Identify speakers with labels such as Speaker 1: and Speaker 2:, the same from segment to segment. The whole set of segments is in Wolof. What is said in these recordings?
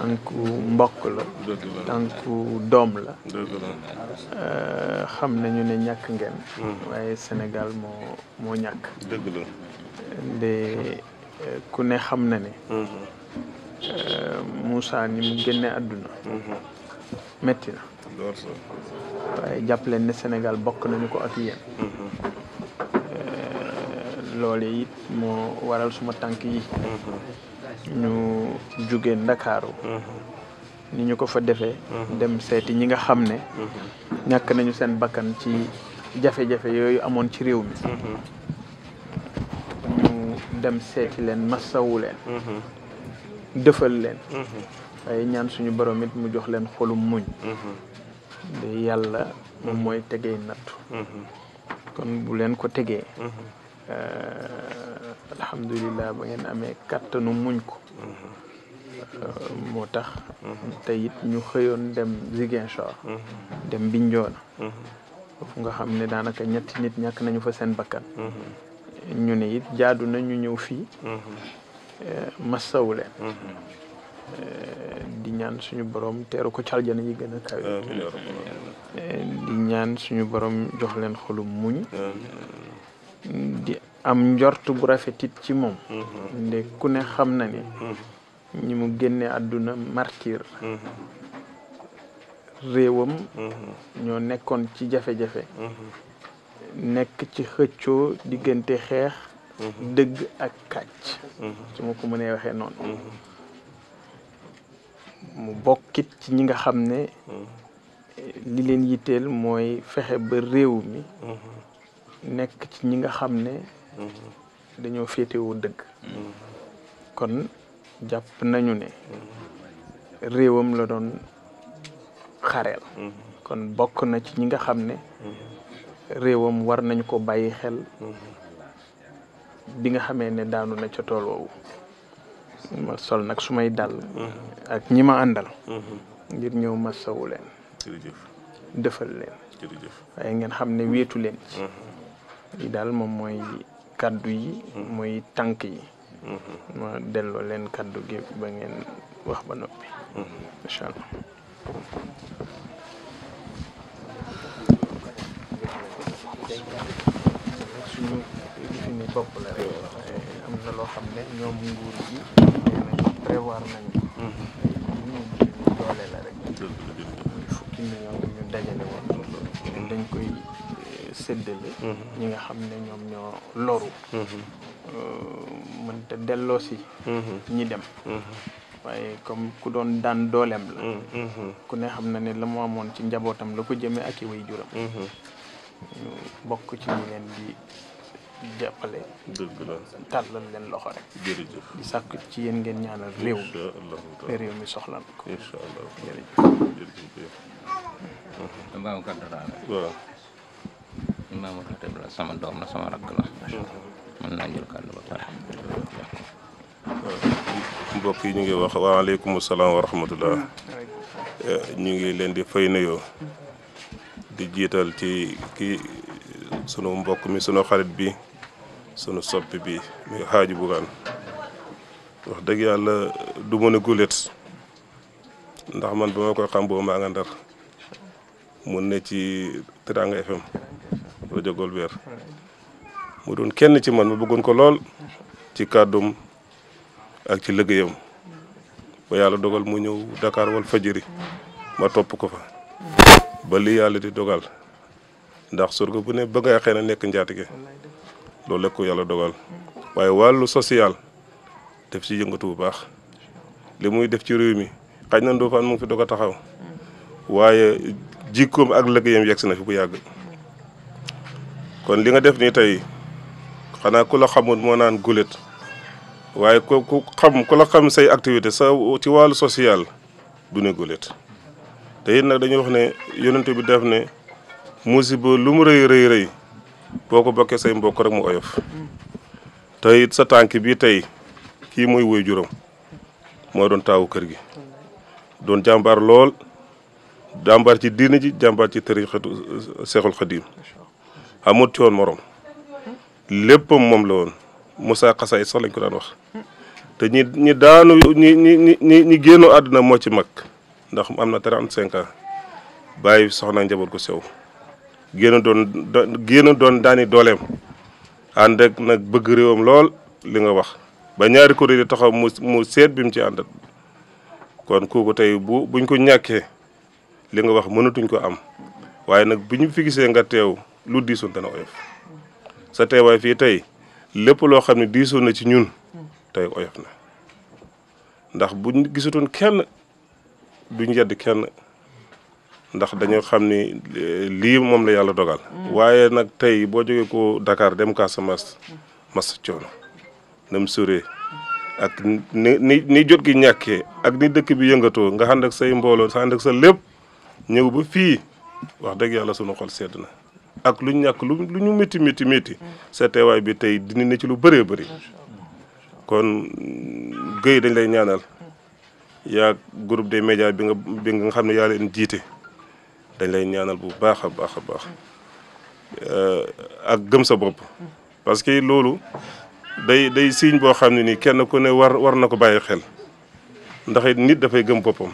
Speaker 1: tànku mbokk la tànku doom la
Speaker 2: euh,
Speaker 1: xam nañu ne ñàkk ngeen hmm. waaye Sénégal moo moo ñàkk dëgg euh, ku ne xam na ne hmm. euh, Moussa ni mu génne àdduna hmm. metti na waaye jàpp ne Sénégal bokk nañu ko ak yéen loole it moo waral suma tànk yi mm-hmm. ñu jóge ndakaaru mm-hmm. ni ñu ko fa defee mm-hmm. dem seeti ñi nga xam ne ñàkk nañu seen bakkan ci jafe-jafe yooyu amoon ci réew mi ñu dem seeti leen massawu leen dëfal leen waaye ñaan suñu borom mu jox leen xolum muñ yàlla moom mooy tegee nattu kon bu leen ko tegee Euh, alhamdulilah ba ngeen amee kattanu muñ ko euh, moo tax tey ñu xëyoon dem Ziguinchor dem Bignona foofu xam ne daanaka ñetti nit ñàkk nañu fa seen bakkan ñu ne it ñu ñëw fii euh, massawu leen ñaan suñu borom teeru ko caljana yi a kawe di ñaan suñu borom jox leen xolum muñ di am njort bu rafetit ci moom mm-hmm. nde ku ne xam na ni ñi mm-hmm. mu génne àdduna martyr mm-hmm. réewam ñoo nekkoon ci jafe-jafe nekk ci xëccoo diggante xeex dëgg ak kàcc su ma ko mënee waxee noonu mu bokkit ci ñi nga xam ne li leen yitteel mooy fexe ba réew mi nekk ci ñi nga xam ne dañoo féetewoo dëgg kon jàpp nañu ne réewam la doon xareel kon bokk na ci ñi nga xam ne réewam war nañu ko bàyyi xel bi nga xamee ne daanu na ca tool woowu ma sol nag su may dal ak ñi ma àndal ngir ñëw ma sawu leen dëfal leen waaye ngeen xam ne wéetu leen yi daal moom mooy kàddu yi hmm. mooy tànk yi hmm. ma delloo leen kàddu gi ba ngeen wax ba noppi hmm. incha allah suñu la rek eh, am na loo xam ne ñoom nguur gi nañ prévoir nañu ñu doole dañ koy séddale mm-hmm. ñi nga xam ne ñoom ñoo loru mm-hmm. euh, mënta delloo si mm-hmm. ñi dem waaye comme ku doon daan doolem la ku ne xam na ne la mu amoon ci njabootam la ko jëmee ak i way juram ñu ci ñi leen di jàppale dëgg la leen loxo rek di sàkk ci yéen ngeen ñaanal réew mi
Speaker 3: réew mi soxla naa jël kàddu ba mbokk
Speaker 2: yi ñu ngi wax waaleykum salaam wa rahmatullah ñu ngi leen di fay nuyoo di jiital ci kii sunu mbokk mi sunu xarit bi sunu soppi bi muy xaaju bugaan wax dëgg yàlla du mën a ndax man ba ma koy xam boobu maa nga ndar mun ne ci Teranga FM rajo Golbert mu doon kenn ci man ma bëggoon ko lool ci kàddum ak ci liggéeyam ba yàlla dogal mu ñëw Dakar wal fajiri ma topp ko fa ba li yàlla di dogal ndax surga bu ne bëgg a xëy na nekk njaatige loolu la ko yàlla dogal waaye wàllu social def ci yëngatu bu baax li muy def ci réew mi xaj na Ndofane mu ngi fi doog a taxaw waaye jikkoom ak liggéeyam yegg si na fi bu yàgg. kon li nga def nii tey xanaa ku la xamul moo naan gulet waaye ku ku xam ku la xam say activité sa ci wàllu social du ne gulet te it nag dañuy wax ne yonent bi def ne musiba lu mu rëy rëy rëy boo ko bokkee say mbokk rek mu oyof te it sa tànk bii tey kii mooy woy juróom moo doon taawu kër gi doon jàmbaar lool jàmbaar ci diini ji jàmbaar ci tariqatu Seexul Xadiim amut ci woon morom léppam moom la woon Moussa Xasaay sax lañ ko daan wax te ñi ñi daanu ñi ñi ñi ñi génnoo àdduna moo ci mag ndax am na trente cinq ans bàyyi soxna njaboot ko sew génn doon génn doon daani dooleem ànd ak nag bëgg réewam lool li nga wax ba ñaari kuréel yi taxaw mu mu seet bi mu ci àndat kon kooku tey bu buñ ko ñàkkee li nga wax mënatuñ ko am waaye nag bi ñu fi nga teew lu diisul dana oyof sa teewaay fii tey lépp loo xam ne diisoon na ci ñun tey oyof na ndax bu gisutoon kenn bu yedd kenn ndax dañoo xam ni eh, lii moom la yàlla dogal. waaye nag tey boo jógee ko Dakar dem Casamance mas coono na mu soree ak ni ni jot gi ñàkkee ak ni dëkk bi yëngatoo nga ànd ak mbooloo sa ànd lépp ñëw ba fii wax dëgg yàlla sunu xol sedd na. ak lu ñu ñàkk lu lu ñu métti métti métti sa teewaay bi tey dina ne ci lu bëree bëri kon Guèye dañ lay ñaanal yaa groupe des médias bi nga bi xam ne yaa leen jiite dañ lay ñaanal bu baax a baax a baax ak gëm sa bopp parce que loolu day day signe boo xam ne nii kenn ku ne war war na ko bàyyi xel ndax it nit dafay gëm boppam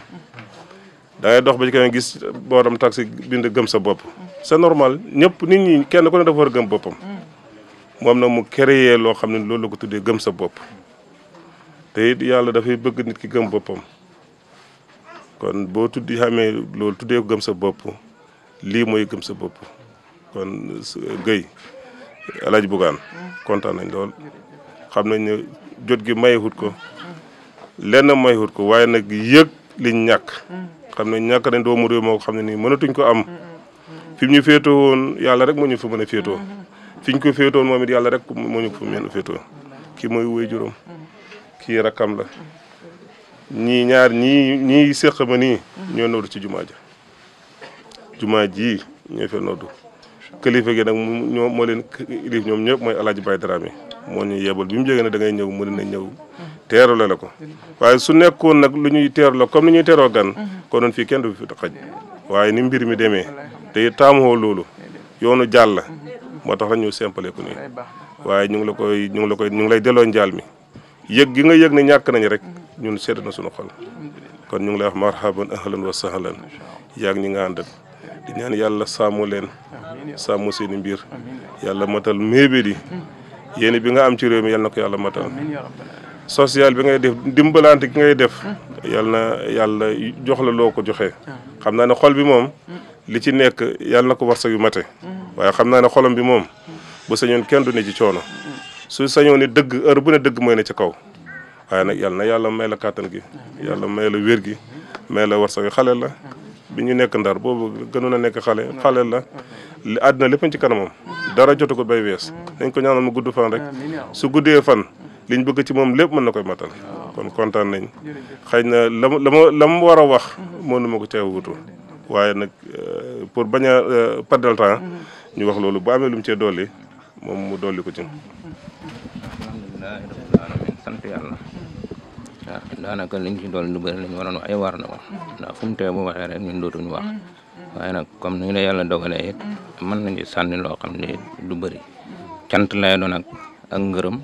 Speaker 2: da dox ba ci kanam gis booram taxi bind gëm sa bopp c'est normal ñëpp nit ñi kenn ku ne dafa war a gëm boppam. Mm. moom na mu créé loo xam ne loolu la ko tuddee gëm sa bopp te yàlla dafay bëgg nit ki gëm boppam kon boo tudd xamee loolu tuddee ko gëm sa bopp lii mooy gëm sa bopp kon Guèye El Hadj Bougane mm. kontaan nañ lool xam nañ ne jot gi mayewut ko mm. lenn mayewut ko waaye nag yëg liñ ñàkk xam ne ñàkk nañ doomu réew moo xam ne mënatuñ ko am. fi ñu féetoo woon yàlla rek moo ñu fa mën a féetoo mm-hmm. ko féetoo woon moom it yàlla rek moo ñu fa mën a féetoo kii mooy woy juróom mm-hmm. kii rakkam la mm-hmm. ñii ñaar ñi ñi séq ma ni ñoo noddu ci jumaa ja jumaa ji ñoo fee noddu kilifa gi nag ñoo moo leen ilif ñoom ñëpp mooy alaaji Baye Dramé moo ñu yebal bi mu jógee ne ñëw mu ne na ñëw teerule la ko waaye su nekkoon nag lu ñuy teerule comme ni ñuy teroo gan konoon fii kenn du fi xaj waaye ni mbir mi demee te taamuwoo loolu yoonu jàll moo tax la ñu simple nii waaye ñu ngi la koy ñu ngi la koy ñu ngi lay delloo njaal mi yëg gi nga yëg ne ñàkk nañu rek ñun sedd na suñu xol kon ñu ngi lay wax marhaban ahlan wa sahlan yaag ñi nga àndal di ñaan yàlla sàmmu leen sàmmu seen i mbir yàlla matal méebéli yéen bi nga am ci réew mi yàlla na ko yàlla matal social bi ngay def dimbalante ki ngay def hmm. yal na yàlla jox la loo ko joxe. Hmm. xam naa ne xol bi moom hmm. li ci nekk yàlla na ko war sa yu mate waaye xam naa ne xolam bi moom bu sañoon kenn du ne ci coono su sañoon dëgg heure bu ne dëgg mooy ne ci kaw waaye nag yal na yàlla may la kàttan gi yàlla may la wér gi may la war sa yu xale la bi ñu nekk ndar boobu gënoon na nekk xale xale la li àddina lépp ci kanamam dara jot ko bay wees dañ ko ñaanal mu gudd fan rek su guddee fan liñ bëgg ci moom lépp mën na koy matal. kon kontaan nañ xëy na lam mu la mu la war a wax. mënuma ko caa wutu waaye nag euh, pour bañ a euh, perdre mm-hmm. ñu wax loolu bu amee lu mu cee dolli moom mu dolli ko ci.
Speaker 3: alhamdulilah rabbil alamin sant yàlla. waaw daanaka liñ ci dool lu bëri lañ waroon ay war na ndax fu mu tee bu waxee rek ñun dootuñu wax mm-hmm. waaye nag comme ni ne yàlla dogalee it man nañu sànni loo xam ne du bari cant lay doon ak ak ngërëm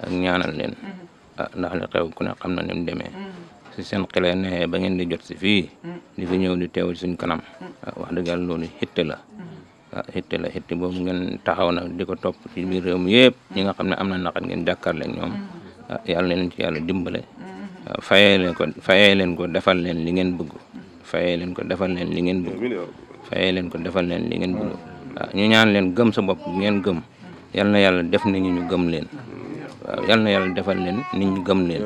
Speaker 3: ak ñaanal leen mm-hmm. ah ndax li xew ku ne xam na ni mu demee mm-hmm. su seen xelee neexee ba ngeen di jot si fii mm-hmm. di fi ñëw di teewal suñ kanam ah, wax dëgg yàlla loolu xitte la ah la xitte boobu ngeen taxaw na di top topp ci biir réew mi yëpp ñi nga xam ne am na naqar ngeen jàkkaarloo leen ñoom ah yàlla leen ci yàlla dimbale ah, fayee leen ko fayee leen ko defal leen li ngeen bëgg fayee leen ko defal leen li ngeen bëgg leen ko defal leen li ngeen ah, ñu ñaan leen gëm sa bopp ngeen gëm yal na yàlla def ni ñu gëm leen waaw yal na defal leen nit ñi gëm leen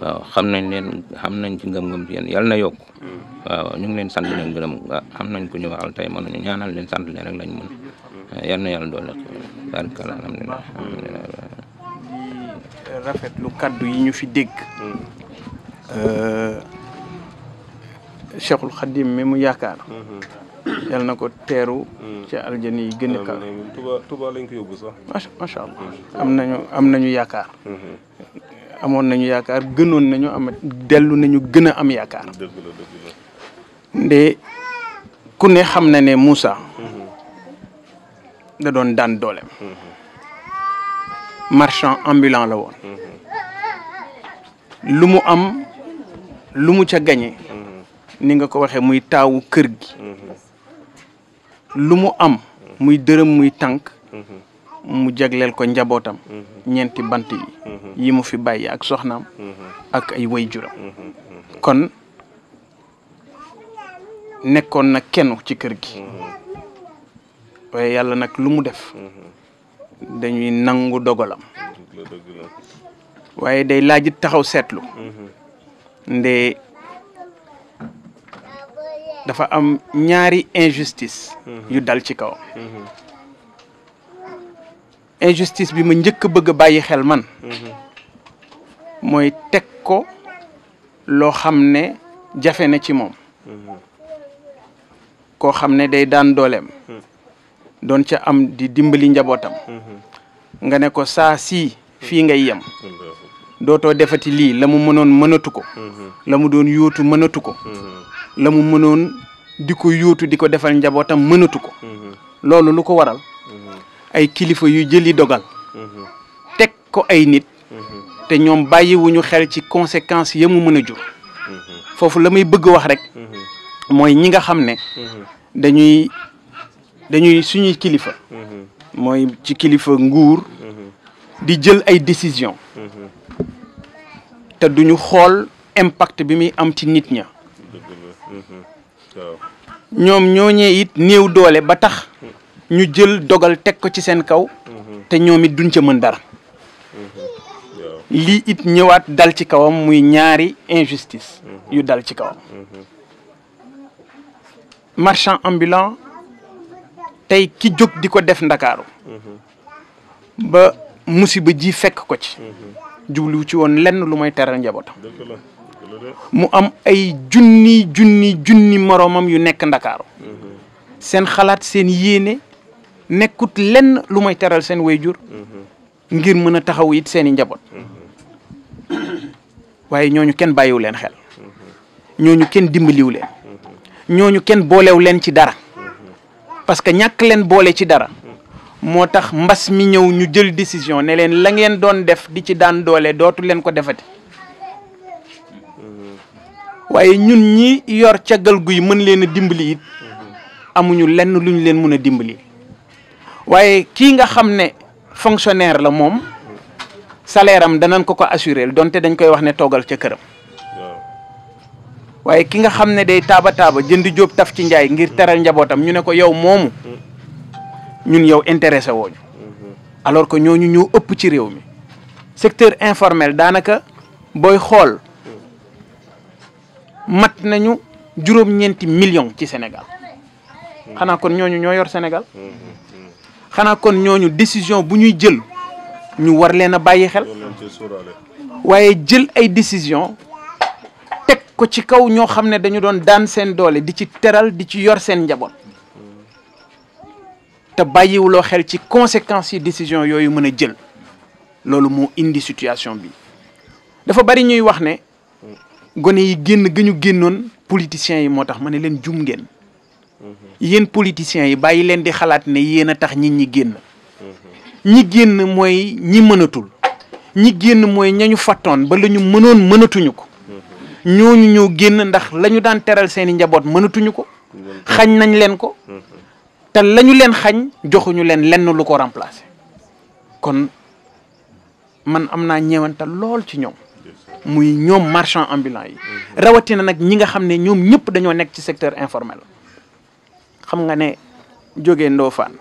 Speaker 3: waaw xam nañ leen xam nañ ci ngëm-ngëm ci yal na yokk mm. waaw ñu ngi leen sant leen gërëm xam nañ ku ñu waxal tey mënuñu ñaanal leen sant leen rek lañ mën yal na yàlla doole barkala alhamdulilah alhamdulilah rafet lu kaddu yi ñu fi dégg mm.
Speaker 1: euh, Cheikhul Khadim mi mu yaakaar mm-hmm. yal na ko teeru hmm. ci aljana yi gën a kaw
Speaker 2: Tuba Tuba lañ ko yóbbu sax
Speaker 1: hmm. am nañu am nañu yaakaar
Speaker 2: hmm.
Speaker 1: amoon nañu yaakaar gënoon nañu am dellu nañu gën a am yaakaar nde ku ne xam na ne Moussa da doon daan dooleem marchand ambulant la woon lu mu am lu mu ca gañe ni nga ko waxee muy taawu kër gi lu mu am muy dërëm muy tànk mhm. mu jagleel ko njabootam mhm. ñeenti bant yi mhm. yi mu fi bàyyi ak soxnaam ak ay waajuram kon nekkoon na kenn ci kër gi waaye yàlla nag lu mu def dañuy nangu dogalam waaye day laajit taxaw seetlu nde dafa am ñaari injustice yu dal ci kaw injustice bi ma njëkk bëgg a bàyyi xel man mooy teg ko loo xam ne jafe na ci moom koo xam ne day daan dooleem doon ca am di dimbali njabootam nga ne ko saa si fii ngay yem dootoo defati lii la mu mënoon mënatu ko la mu doon yóotu mënatu ko la mu mënoon di ko yuutu di ko defal njabootam mënatu ko. Mm-hmm. loolu lu ko waral. Mm-hmm. ay kilifa yu jëli dogal. Mm-hmm. teg ko ay nit. te ñoom bàyyiwuñu xel ci conséquences ya mu mën a jur. foofu la may bëgg wax rek. mooy ñi nga xam ne. dañuy dañuy suñuy kilifa. mooy ci kilifa nguur. di jël ay décisions. te duñu xool impact bi muy am ci nit ña.
Speaker 2: Mm-hmm.
Speaker 1: ñoom ñooñee it néew doole ba tax ñu jël dogal teg ko ci seen kaw mm-hmm. te ñoom it duñ ca mën dara
Speaker 4: mm-hmm. lii
Speaker 1: it ñëwaat dal ci kawam muy ñaari injustice yu dal ci kawam marchand ambulant tey ki jóg di ko def ndakaaru ba musiba ji fekk ko ci jubluwu ci woon lenn lu may teral njabootam mu am ay junni junni junni moroomam yu nekk ndakaaru mm-hmm. seen xalaat seen yéene nekkut lenn lu may teral seen wayjur
Speaker 4: mm-hmm.
Speaker 1: ngir mën a taxaw it seen i njaboot
Speaker 4: mm-hmm.
Speaker 1: waaye ñooñu kenn bàyyiwu leen xel ñooñu kenn dimbaliwu leen ñooñu kenn boolew leen ci dara parce que ñàkk leen boole ci dara moo tax mbas mi ñëw ñu jël décision ne leen la ngeen doon def di ci daan doole dootu leen ko defati waaye ñun ñi yor caggal guy mën leen a dimbali it amuñu lenn luñ leen mën a dimbali waaye kii nga xam ne fonctionnaire la moom saleeram am danañ ko ko assuré donte dañ koy wax ne toogal ca këram. waaye ki nga xam ne day taaba taaba jënd jóob taf ci njaay ngir teral njabootam ñu ne ko yow moomu ñun yow intéressé wooñu alors que ñooñu ñoo ëpp ci réew mi secteur informel daanaka booy xool. mat nañu juróom-ñeenti million ci Sénégal xanaa kon ñooñu ñoo yor Sénégal xanaa kon ñooñu décision bu ñuy jël ñu war leen a bàyyi xel waaye jël ay décision teg ko ci kaw ñoo xam ne dañu doon daan seen doole di ci teral di ci yor seen njaboot te bàyyiwuloo xel ci conséquences yi décision yooyu mën a jël loolu mu indi situation bi dafa bari ñuy wax ne gone yi génn gi ñu génnoon politiciens yi moo tax ma ne leen jum ngeen. yéen politiciens yi bàyyi leen di xalaat ne yéen a tax nit ñi génn. ñi génn mooy ñi mënatul. ñi génn mooy ñañu fattoon ba la ñu mënoon mënatuñu ko. ñooñu ñoo génn ndax la ñu daan teral seen i njaboot mënatuñu ko. xañ nañ leen ko. te lañu leen xañ joxuñu leen lenn lu ko remplacer. kon man am naa ñeewantal lool ci ñoom. muy ñoom marchand ambulant yi rawatina nag ñi nga xam ne ñoom ñëpp dañoo nekk ci secteur informel xam nga ne jógee Ndofane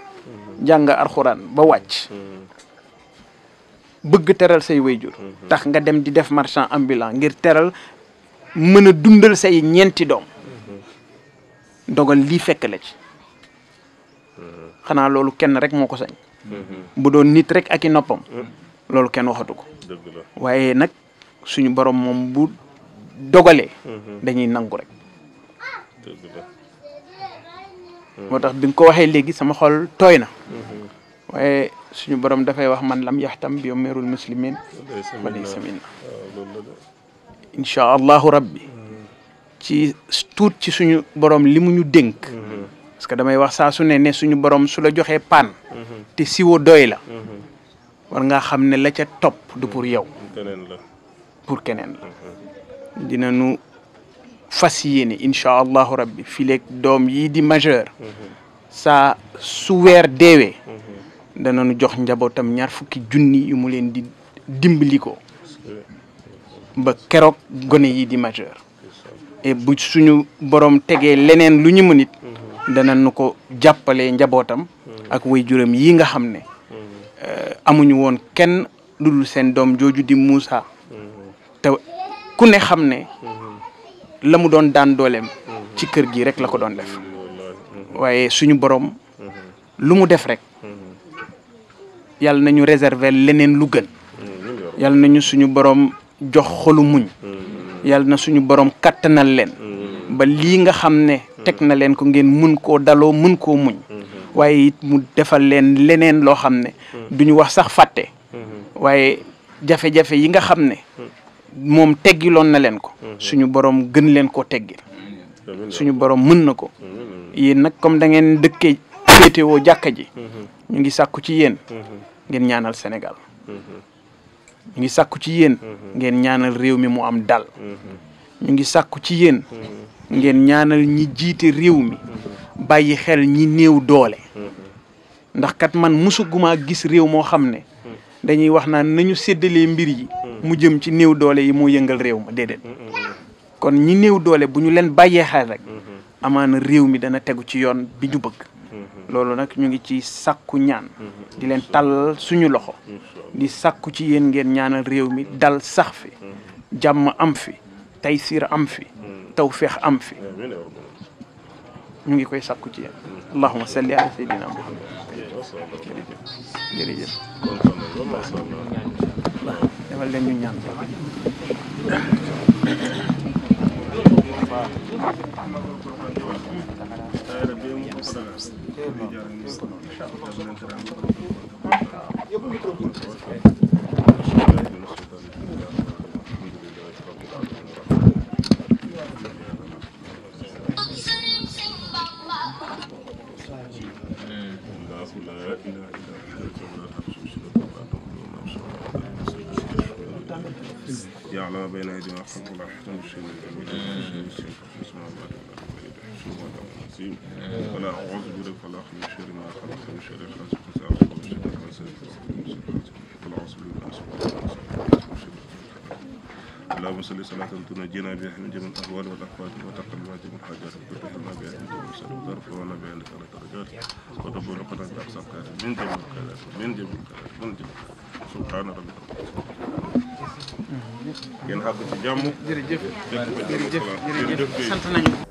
Speaker 1: jàng arxuraan ba wàcc bëgg teral say wayjur tax nga dem di def marchand ambulant ngir teral mën a dundal say ñeenti doom dogal li fekk la ci xanaa loolu kenn rek moo ko sañ bu doon nit rek ak i noppam
Speaker 4: loolu kenn waxatu ko
Speaker 1: waaye suñu borom moom bu
Speaker 4: dogalee. Mhm. dañuy nangu rek. Mhm.
Speaker 2: moo
Speaker 1: tax bi ko waxee léegi sama xol tooy na.
Speaker 2: Mhm.
Speaker 1: waaye suñu borom dafay wax man lam yaxtam bi umirul muslimin walaysa minna incha allahu rabbi ci tuut ci suñu borom li mu ñu dénk. parce que damay wax saa su ne ne suñu borom su la joxee paan.
Speaker 2: te siwo doy la.
Speaker 1: xam ne la ca topp du pour yow. pour keneen
Speaker 2: nu
Speaker 1: dinañu fas yéene incha allahu rabbi fileeg doom yii di majeur saa su weer deewee danañu jox njabootam ñaar fukki junni yu mu leen di dimbali ko ba keroog gone yi di majeur et bu suñu boroom tegee leneen lu ñu mën it danañu ko jàppale njabootam ak way juram yii nga xam ne e, amuñu woon kenn lu dul seen doom jooju di Moussa te ku ne xam ne
Speaker 4: mhm.
Speaker 1: la mu doon daan dooleem mhm. ci kër gi rek la ko doon def
Speaker 4: mhm.
Speaker 1: waaye suñu boroom lu mu def rek yàlla nañu réserver leneen lu gën yàlla nañu suñu boroom jox xolu muñ yàlla na suñu borom kattanal leen ba lii nga xam ne teg na leen ko ngeen mun koo daloo mun koo muñ waaye it mu defal leen leneen loo xam ne duñu wax sax fàtte waaye jafe-jafe yi nga xam ne moom teggiloon na leen ko. Mhm. suñu borom gën leen koo teggil. suñu borom mën na ko. yéen nag comme dangeen ngeen dëkkee féetewoo jàkka ji.
Speaker 4: Mhm. ñu
Speaker 1: ngi sàkku ci yéen. Mhm. ngeen ñaanal Sénégal. ñu ngi sàkku ci yéen. ngeen ñaanal réew mi mu am dal. ñu ngi sàkku ci yéen. ngeen ñaanal ñi jiite réew mi. bàyyi xel ñi néew doole. ndax kat man musuguma gis réew moo xam ne. dañuy wax na nañu séddalee mbir yi. mu jëm ci néew doole yi moo yëngal réew ma déedéet kon ñi néew doole bu ñu leen bàyyee xel rek amaana réew mi dana tegu ci yoon bi ñu bëgg loolu nag ñu ngi ci sàkku ñaan di leen tàllal suñu loxo di sàkku ci yéen ngeen ñaanal réew mi dal sax fi jàmm am fi taysiir am fi tawféex am fi ñu ngi koy sàkku ci yéen defal leen ñu ñaan waaw
Speaker 2: الرجيم فلا أعوذ بك فلا من شر ما خلق من شر حاسد إذا وقب من شر حاسد فلا أعوذ بك من شر اللهم صل صلاة تنجينا بها من جميع الأهوال والأحوال وتقلبها جميع الحاجات وتبهرنا بها من جميع الأسئلة وترفعنا بها لك على الدرجات وتبلغنا بأقصى الكلام من جميع الكلام من جميع الكلام من جميع الكلام سبحان ربك ngeen xàgg ci jàmm jërëjëf jërëjëf jërëjëf sant nañu